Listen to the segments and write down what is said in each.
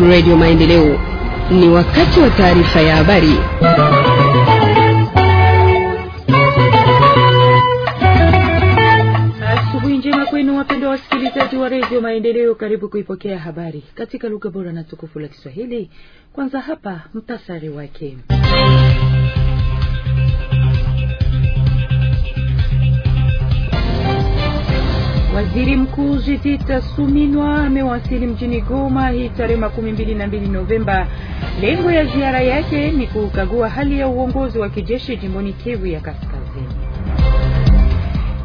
Radio Maendeleo. Ni wakati wa taarifa ya habari. Asubuhi njema kwenu wapendwa wasikilizaji wa Radio Maendeleo, karibu kuipokea habari katika lugha bora na tukufu la Kiswahili. Kwanza hapa mtasari wake Waziri Mkuu Judith Suminwa amewasili mjini Goma hii tarehe makumi mbili na mbili Novemba. Lengo ya ziara yake ni kukagua hali ya uongozi wa kijeshi jimboni Kivu ya Kaskazini.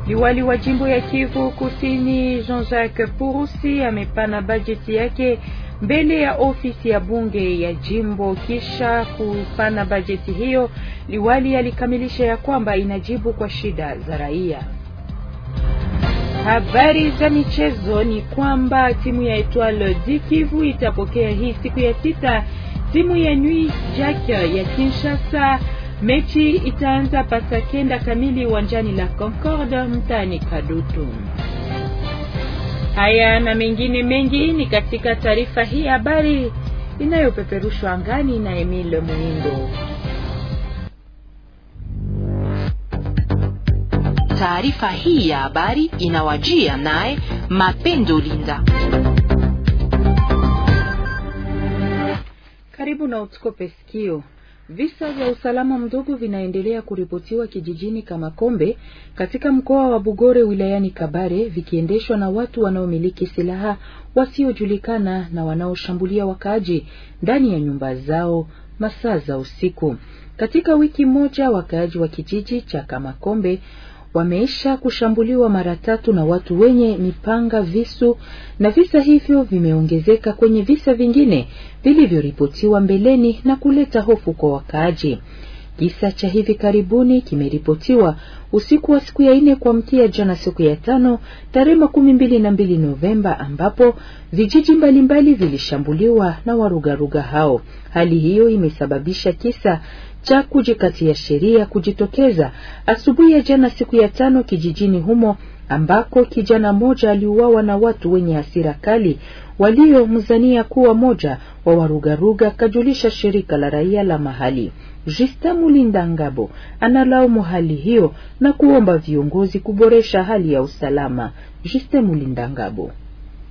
Liwali wa jimbo ya Kivu Kusini Jean-Jacques Purusi amepana bajeti yake mbele ya ofisi ya bunge ya jimbo. Kisha kupana bajeti hiyo, liwali alikamilisha ya kwamba inajibu kwa shida za raia. Habari za michezo ni kwamba timu ya Etoile du Kivu itapokea hii siku ya sita timu ya Nui Jack ya Kinshasa. Mechi itaanza pasakenda kamili uwanjani la Concorde mtaani Kadutu. Haya na mengine mengi ni katika taarifa hii habari inayopeperushwa angani na Emile Muindo. Taarifa hii ya habari inawajia naye Mapendo Linda. Karibu na utukope sikio. Visa vya usalama mdogo vinaendelea kuripotiwa kijijini Kamakombe katika mkoa wa Bugore wilayani Kabare, vikiendeshwa na watu wanaomiliki silaha wasiojulikana na wanaoshambulia wakaaji ndani ya nyumba zao masaa za usiku. Katika wiki moja, wakaaji wa kijiji cha Kamakombe wameisha kushambuliwa mara tatu na watu wenye mipanga, visu, na visa hivyo vimeongezeka kwenye visa vingine vilivyoripotiwa mbeleni na kuleta hofu kwa wakaaji. Kisa cha hivi karibuni kimeripotiwa usiku wa siku ya ine kuamkia jana siku ya tano tarehe makumi mbili na mbili Novemba, ambapo vijiji mbalimbali vilishambuliwa na warugaruga hao. Hali hiyo imesababisha kisa cha kujikatia sheria kujitokeza asubuhi ya jana siku ya tano kijijini humo ambako kijana mmoja aliuawa na watu wenye hasira kali waliomzania kuwa moja wa warugaruga, kajulisha shirika la raia la mahali. Justin Mulinda Ngabo analaumu hali hiyo na kuomba viongozi kuboresha hali ya usalama. Justin Mulinda Ngabo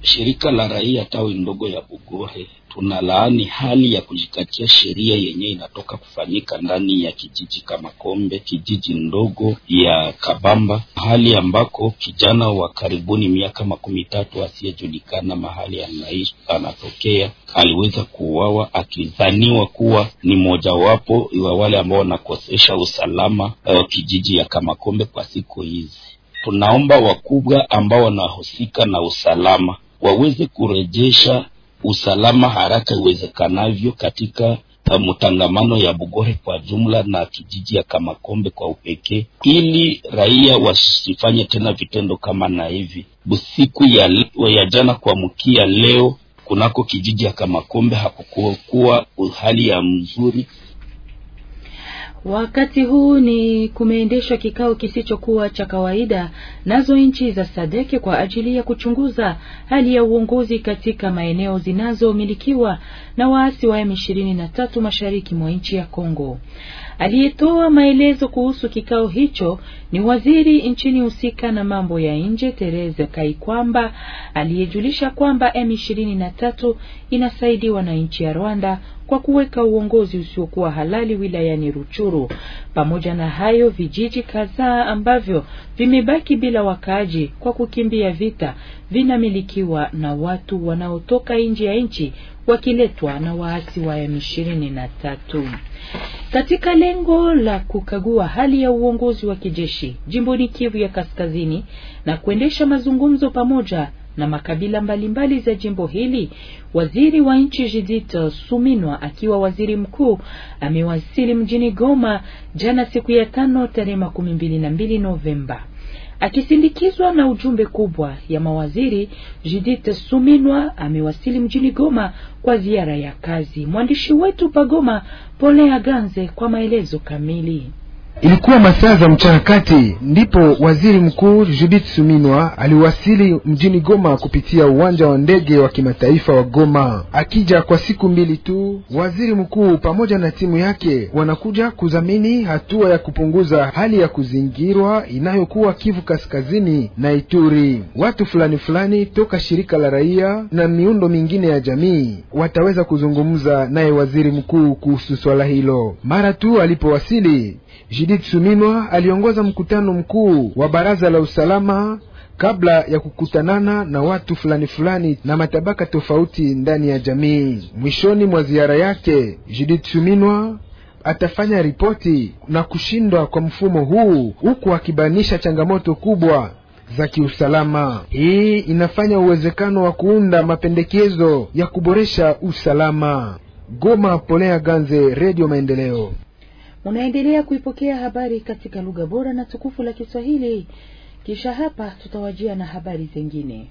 Shirika la raia tawi ndogo ya Bugore tunalaani hali ya kujikatia sheria yenye inatoka kufanyika ndani ya kijiji kama Kombe, kijiji ndogo ya Kabamba, hali ambako kijana wa karibuni miaka makumi tatu asiyejulikana mahali anaishi anatokea aliweza kuuawa akidhaniwa kuwa ni mojawapo wa wale ambao wanakosesha usalama wa eh, kijiji ya Kamakombe kwa siku hizi. Tunaomba wakubwa ambao wanahusika na usalama waweze kurejesha usalama haraka iwezekanavyo katika uh, mtangamano ya Bugore kwa jumla na kijiji ya Kamakombe kwa upekee, ili raia wasifanye tena vitendo kama na hivi. Siku ya, ya jana kwa mkia leo kunako kijiji ya Kamakombe hakukuwa hali ya mzuri, Wakati huu ni kumeendeshwa kikao kisichokuwa cha kawaida nazo nchi za Sadeke kwa ajili ya kuchunguza hali ya uongozi katika maeneo zinazomilikiwa na waasi wa M23 mashariki mwa nchi ya Kongo. Aliyetoa maelezo kuhusu kikao hicho ni waziri nchini husika na mambo ya nje Therese Kaikwamba, aliyejulisha kwamba M23 inasaidiwa na nchi ya Rwanda kwa kuweka uongozi usiokuwa halali wilayani Ruchuru. Pamoja na hayo, vijiji kadhaa ambavyo vimebaki bila wakaaji kwa kukimbia vita vinamilikiwa na watu wanaotoka nje ya nchi wakiletwa na waasi wa M23. Katika lengo la kukagua hali ya uongozi wa kijeshi jimboni Kivu ya Kaskazini na kuendesha mazungumzo pamoja na makabila mbalimbali mbali za jimbo hili, waziri wa nchi Judith Suminwa akiwa waziri mkuu amewasili mjini Goma jana siku ya tano tarehe makumi mbili na mbili Novemba. Akisindikizwa na ujumbe kubwa ya mawaziri, Judith Suminwa amewasili mjini Goma kwa ziara ya kazi. Mwandishi wetu pa Goma, Polea Aganze, kwa maelezo kamili. Ilikuwa masaa za mchana kati ndipo waziri mkuu Judith Suminwa aliwasili mjini Goma kupitia uwanja wa ndege wa kimataifa wa Goma. Akija kwa siku mbili tu, waziri mkuu pamoja na timu yake wanakuja kudhamini hatua ya kupunguza hali ya kuzingirwa inayokuwa Kivu Kaskazini na Ituri. Watu fulani fulani toka shirika la raia na miundo mingine ya jamii wataweza kuzungumza naye waziri mkuu kuhusu swala hilo mara tu alipowasili. Judith Suminwa aliongoza mkutano mkuu wa baraza la usalama kabla ya kukutanana na watu fulani fulani na matabaka tofauti ndani ya jamii. Mwishoni mwa ziara yake, Judith Suminwa atafanya ripoti na kushindwa kwa mfumo huu huku akibainisha changamoto kubwa za kiusalama. Hii inafanya uwezekano wa kuunda mapendekezo ya kuboresha usalama. Goma, Polea Ganze, redio Maendeleo. Unaendelea kuipokea habari katika lugha bora na tukufu la Kiswahili. Kisha hapa tutawajia na habari zingine.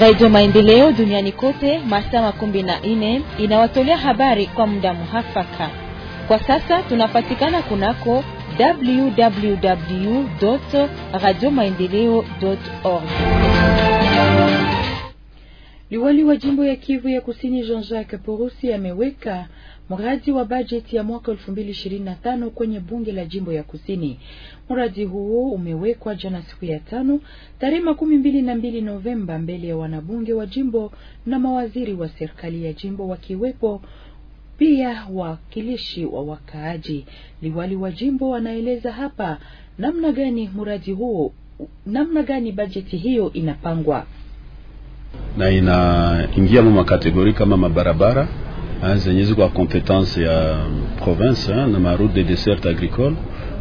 Radio Maendeleo duniani kote masaa makumi na nne inawatolea habari kwa muda muhafaka. Kwa sasa tunapatikana kunako www radio maendeleo org Liwali wa jimbo ya Kivu ya Kusini Jean-Jacques Porusi ameweka mradi wa bajeti ya mwaka 2025 kwenye bunge la jimbo ya Kusini. Mradi huo umewekwa jana siku ya tano tarehe makumi mbili na mbili Novemba mbele ya wanabunge wa jimbo na mawaziri wa serikali ya jimbo wakiwepo pia wakilishi wa wakaaji. Liwali wa jimbo anaeleza hapa namna gani mradi huo, namna gani bajeti hiyo inapangwa na inaingia mwa makategori kama mabarabara zenye ziko kwa kompetence ya province na maroute de dessert agricole,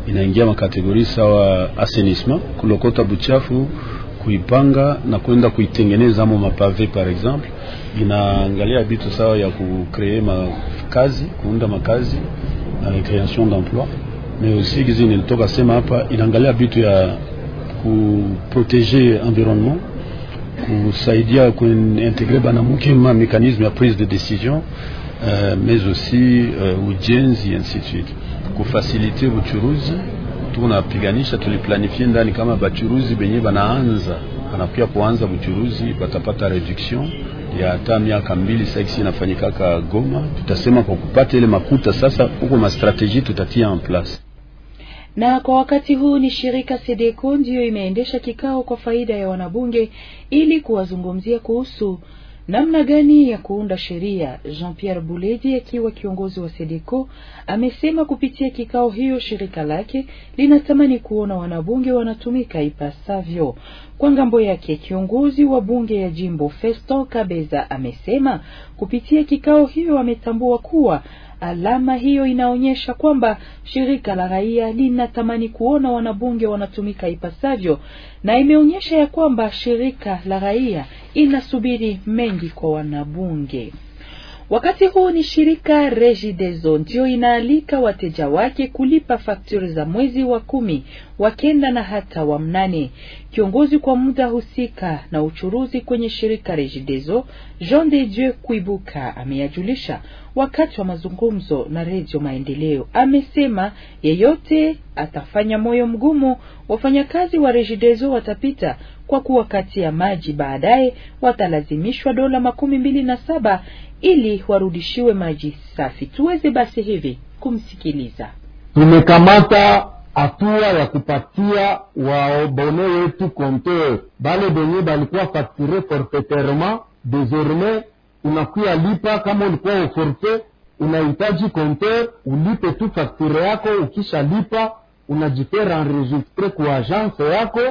inaingia makategori sawa assainissement, kulokota buchafu kuipanga na kwenda kuitengeneza mo mapave par exemple, inaangalia bitu sawa ya kukree makazi, kuunda makazi na creation d'emploi, mais aussi gizi nilitoka sema hapa, inaangalia bitu ya kuproteger environnement kusaidia kuintegre banamuke ma mekanisme ya prise de décision euh, mais aussi uh, ujenzi ainsi de suite, kufasilite buchuruzi tunapiganisha, ndani kama bachuruzi kuanza reduction ya miaka inafanyikaka Goma, tutasema kwa kupata ile makuta sasa, huko mastrategie tutatia en place na kwa wakati huu ni shirika SEDECO ndiyo imeendesha kikao kwa faida ya wanabunge ili kuwazungumzia kuhusu namna gani ya kuunda sheria. Jean Pierre Buleji akiwa kiongozi wa SEDECO amesema kupitia kikao hiyo shirika lake linatamani kuona wanabunge wanatumika ipasavyo. Kwa ngambo yake, kiongozi wa bunge ya jimbo Festo Kabeza amesema kupitia kikao hiyo ametambua kuwa alama hiyo inaonyesha kwamba shirika la raia linatamani kuona wanabunge wanatumika ipasavyo, na imeonyesha ya kwamba shirika la raia inasubiri mengi kwa wanabunge. Wakati huu ni shirika Regideso ndio inaalika wateja wake kulipa fakturi za mwezi wa kumi, wa kenda na hata wa mnane. Kiongozi kwa muda husika na uchuruzi kwenye shirika Regideso Jean de Dieu Kuibuka ameyajulisha wakati wa mazungumzo na Redio Maendeleo. Amesema yeyote atafanya moyo mgumu, wafanyakazi wa Regideso watapita kwa kuwa kati ya maji baadaye watalazimishwa dola makumi mbili na saba ili warudishiwe maji safi. Tuweze basi hivi kumsikiliza. Tumekamata hatua ya kupatia waobone wetu konte bale benye balikuwa fakture forfaitairement, desormais unakuya lipa kama ulikuwa uforfait unahitaji compteur ulipe tu fakture yako. Ukisha lipa unajifera enregistre ku agence yako,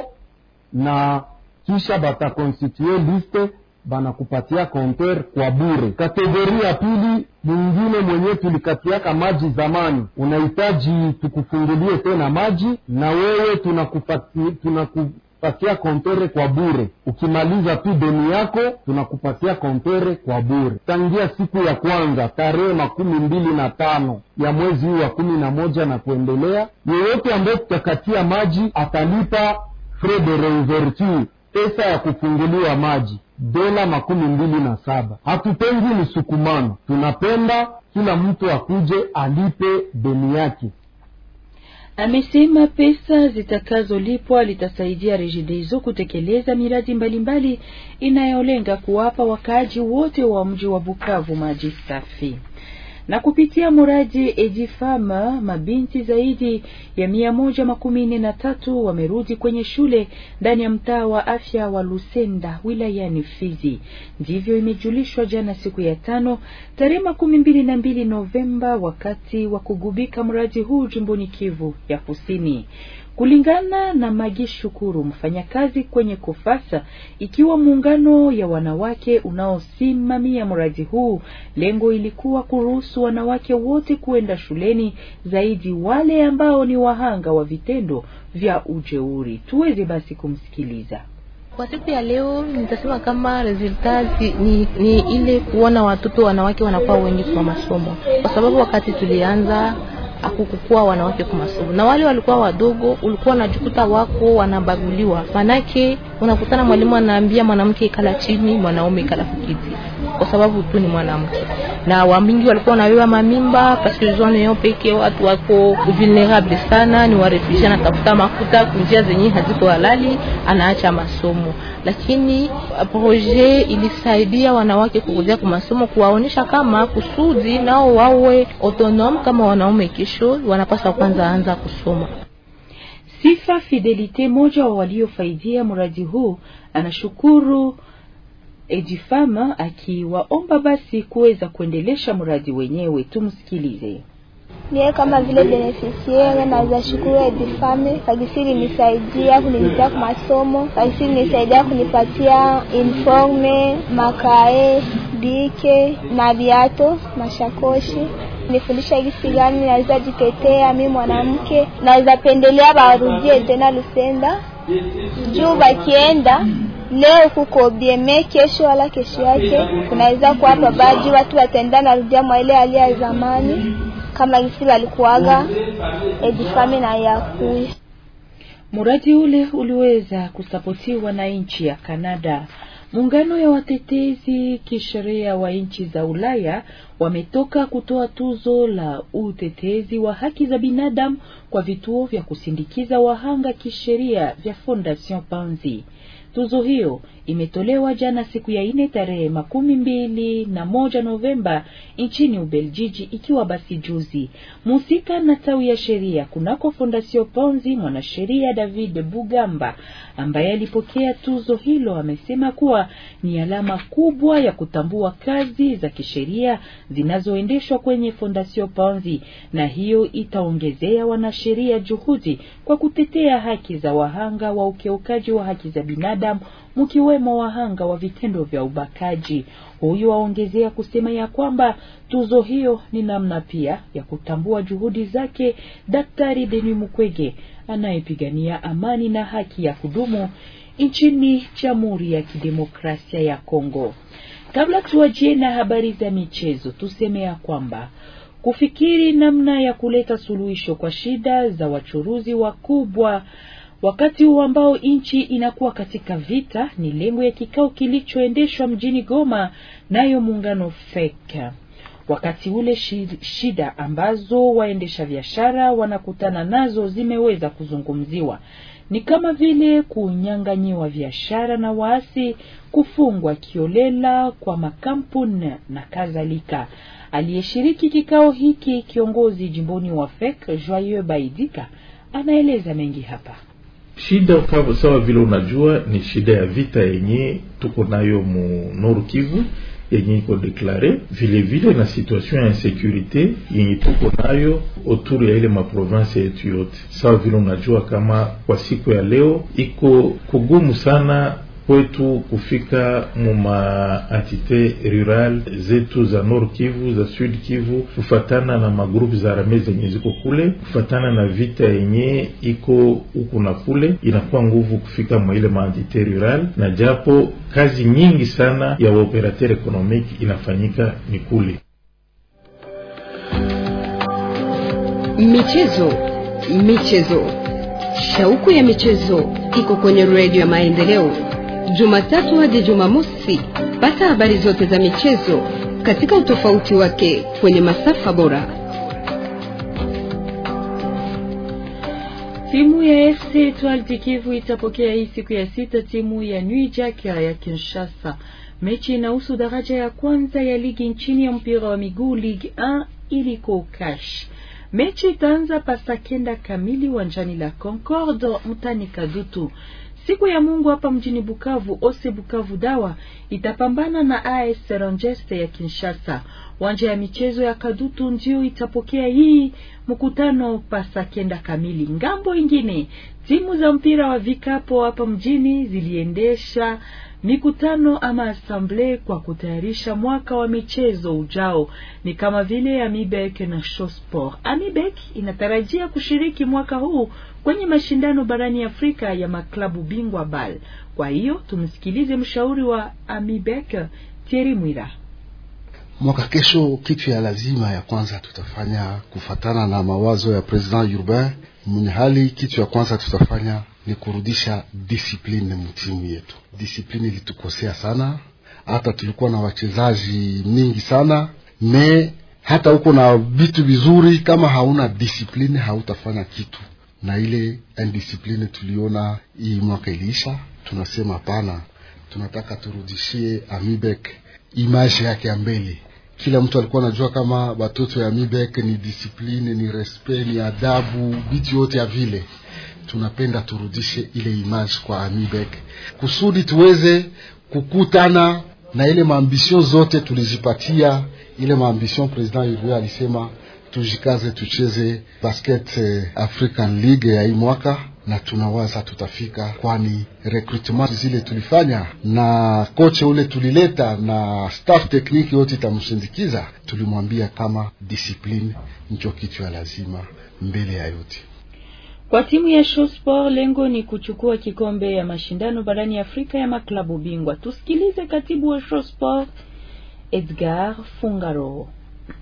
na kisha batakonstitue liste banakupatia konter kwa bure. kategori ya pili, mwingine mwenyewe tulikatiaka maji zamani, unahitaji tukufungulie tena maji, na wewe tunakupatia, tunakupatia kontere kwa bure. Ukimaliza tu deni yako, tunakupatia kontere kwa bure, tangia siku ya kwanza tarehe makumi mbili na tano ya mwezi huu wa kumi na moja na kuendelea. Yeyote ambaye tutakatia maji atalipa frais de pesa ya kufunguliwa maji dola makumi mbili na saba. Hatupendi msukumano, tunapenda kila mtu akuje alipe deni yake. Amesema pesa zitakazolipwa litasaidia Rejidezo kutekeleza miradi mbalimbali inayolenga kuwapa wakaaji wote wa mji wa Bukavu maji safi na kupitia muradi Ejifama mabinti zaidi ya mia moja makumi nne na tatu wamerudi kwenye shule ndani ya mtaa wa afya wa Lusenda wilayani Fizi. Ndivyo imejulishwa jana siku ya tano tarehe makumi mbili na mbili Novemba wakati wa kugubika mradi huu jimboni Kivu ya Kusini. Kulingana na Magi Shukuru, mfanyakazi kwenye Kofasa, ikiwa muungano ya wanawake unaosimamia mradi huu, lengo ilikuwa kuruhusu wanawake wote kuenda shuleni, zaidi wale ambao ni wahanga wa vitendo vya ujeuri. Tuweze basi kumsikiliza. Kwa siku ya leo nitasema kama resulta ni, ni ile kuona watoto wanawake wanakuwa wengi kwa masomo, kwa sababu wakati tulianza akukukuwa wanawake kwa masomo, na wale walikuwa wadogo, ulikuwa unajikuta wako wanabaguliwa, manake unakutana mwalimu anaambia mwanamke ikala chini, mwanaume ikala kukiti kwa sababu tu ni mwanamke, na wamingi walikuwa wanabeba mamimba paske zone yao peke, watu wako vulnerable sana, ni warefugee, anatafuta makuta kunjia zenye haziko halali, anaacha masomo. Lakini proje ilisaidia wanawake kurudea kwa masomo, kuwaonesha kama kusudi nao wawe autonome kama wanaume, kesho wanapaswa kwanza anza kusoma. Sifa Fidelite, moja wa waliofaidia mradi huu, anashukuru Edifama akiwaomba basi kuweza kuendelesha mradi wenyewe. Tumsikilize. Niye kama vile beneficiaire naweza shukuru Edifame kagisi linisaidia kunilipia kwa masomo, kagisi linisaidia kunipatia informe makae dike na viato mashakoshi nifundisha gisi gani naweza jitetea mi mwanamke, naweza pendelea barudie tena Lusenda juu bakienda leo kuko bieme, kesho wala kesho yake kunaweza kuwa baji, watu wataenda narudia mwaile hali ya zamani kama gisi walikuwaga edifami na yakui. Muradi ule uliweza kusapotiwa na nchi ya Kanada. Muungano ya watetezi kisheria wa nchi za Ulaya wametoka kutoa tuzo la utetezi wa haki za binadamu kwa vituo vya kusindikiza wahanga kisheria vya Fondation Panzi. tudo sorriu imetolewa jana siku ya ine tarehe makumi mbili na moja Novemba nchini Ubeljiji, ikiwa basi juzi musika na tawi ya sheria kunako Fondasio Ponzi. Mwanasheria David Bugamba ambaye alipokea tuzo hilo amesema kuwa ni alama kubwa ya kutambua kazi za kisheria zinazoendeshwa kwenye Fondasio Ponzi, na hiyo itaongezea wanasheria juhudi kwa kutetea haki za wahanga wa ukiukaji wa haki za binadamu mkiwemo wahanga wa vitendo vya ubakaji. Huyu waongezea kusema ya kwamba tuzo hiyo ni namna pia ya kutambua juhudi zake Daktari Denis Mukwege anayepigania amani na haki ya kudumu nchini Jamhuri ya Kidemokrasia ya Kongo. Kabla tuwajie na habari za michezo, tuseme ya kwamba kufikiri namna ya kuleta suluhisho kwa shida za wachuruzi wakubwa Wakati huu ambao nchi inakuwa katika vita, ni lengo ya kikao kilichoendeshwa mjini Goma nayo muungano fek Wakati ule shida ambazo waendesha biashara wanakutana nazo zimeweza kuzungumziwa, ni kama vile kunyanganyiwa biashara na waasi, kufungwa kiolela kwa makampuni na kadhalika. Aliyeshiriki kikao hiki kiongozi jimboni wa FEC Joyeux Baidika anaeleza mengi hapa. Shida ukavu sawa vile unajua, ni shida ya vita yenye tuko nayo mu Nord Kivu yenye iko deklare vile vile na situation ya insecurite yenye tuko nayo autour ya ile maprovince yetu yote. Sawa vile unajua kama kwa siku ya leo iko kugumu sana kwetu kufika mu maantite rural zetu za Nord Kivu za Sud Kivu, kufatana na magrupu za arme zenye ziko kule, kufatana na vita yenye iko huku na kule, inakuwa nguvu kufika mwa ile maantite rural, na japo kazi nyingi sana ya waoperateur ekonomiki inafanyika ni kule. Michezo, michezo, shauku ya michezo iko kwenye redio ya maendeleo Jumatatu hadi Jumamosi. Pata habari zote za michezo katika utofauti wake kwenye masafa bora. Timu ya FC Etoile du Kivu itapokea hii siku ya sita timu ya New Jack ya Kinshasa. Mechi inahusu daraja ya kwanza ya ligi nchini ya mpira wa miguu Ligue 1 iliko cash. Mechi itaanza pasakenda kamili wanjani la Concorde mtani Kadutu. Siku ya Mungu hapa mjini Bukavu, ose Bukavu dawa itapambana na AS Rangers ya Kinshasa. Wanja ya michezo ya Kadutu ndio itapokea hii mkutano pasa kenda kamili. Ngambo ingine, timu za mpira wa vikapo hapa mjini ziliendesha mikutano ama asamble kwa kutayarisha mwaka wa michezo ujao. Ni kama vile Amibek na Shosport. Amibek inatarajia kushiriki mwaka huu kwenye mashindano barani Afrika ya maklabu bingwa BAL. Kwa hiyo tumsikilize mshauri wa Amibek Thierry Mwira mwaka kesho, kitu ya lazima ya kwanza tutafanya kufatana na mawazo ya President Urbain mwenye hali, kitu ya kwanza tutafanya ni kurudisha disipline mtimu yetu. Disipline ilitukosea sana, hata tulikuwa na wachezaji mingi sana me hata uko na vitu vizuri, kama hauna disipline hautafanya kitu. Na ile indisipline tuliona hii mwaka iliisha, tunasema hapana, tunataka turudishie Amibek image yake ya mbele kila mtu alikuwa anajua kama batoto ya Mibek ni discipline ni respect, ni adabu, bitu yote ya vile. Tunapenda turudishe ile image kwa Mibek kusudi tuweze kukutana na ile maambision zote tulizipatia. Ile maambition President Yuri alisema tujikaze, tucheze basket eh, African League ya hii mwaka na tunawaza tutafika, kwani recruitment zile tulifanya na koche ule tulileta na staff technique yote itamsindikiza. Tulimwambia kama discipline ndio kitu ya lazima mbele ya yote. Kwa timu ya Show Sport lengo ni kuchukua kikombe ya mashindano barani Afrika ya maklabu bingwa. Tusikilize katibu wa Show Sport Edgar Fungaro.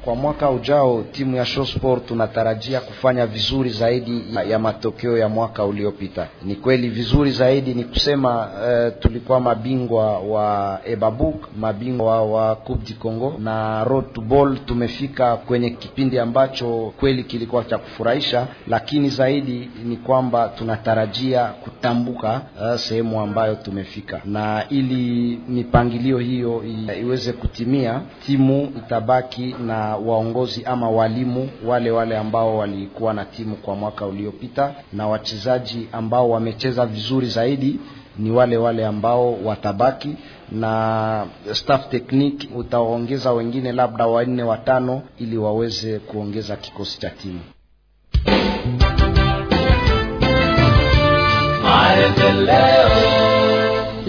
Kwa mwaka ujao timu ya Sport tunatarajia kufanya vizuri zaidi ya matokeo ya mwaka uliopita. Ni kweli vizuri zaidi ni kusema uh, tulikuwa mabingwa wa Ebabuk, mabingwa wa Coupe du Congo na Road to Ball. Tumefika kwenye kipindi ambacho kweli kilikuwa cha kufurahisha, lakini zaidi ni kwamba tunatarajia kutambuka uh, sehemu ambayo tumefika, na ili mipangilio hiyo iweze kutimia, timu itabaki na waongozi ama walimu wale wale ambao walikuwa na timu kwa mwaka uliopita, na wachezaji ambao wamecheza vizuri zaidi ni wale wale ambao watabaki na staff technique utawaongeza wengine labda wanne watano, ili waweze kuongeza kikosi cha timu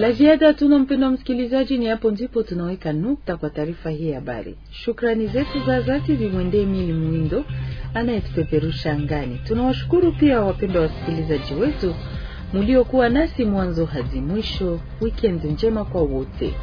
la ziada hatuna, wa msikilizaji, ni hapo ndipo tunaweka nukta kwa taarifa hii ya habari. Shukrani zetu za dhati zimwendee Mili Mwindo anayetupeperusha angani. Tunawashukuru pia wapendwa wasikilizaji wetu mliokuwa nasi mwanzo hadi mwisho. Wikendi njema kwa wote.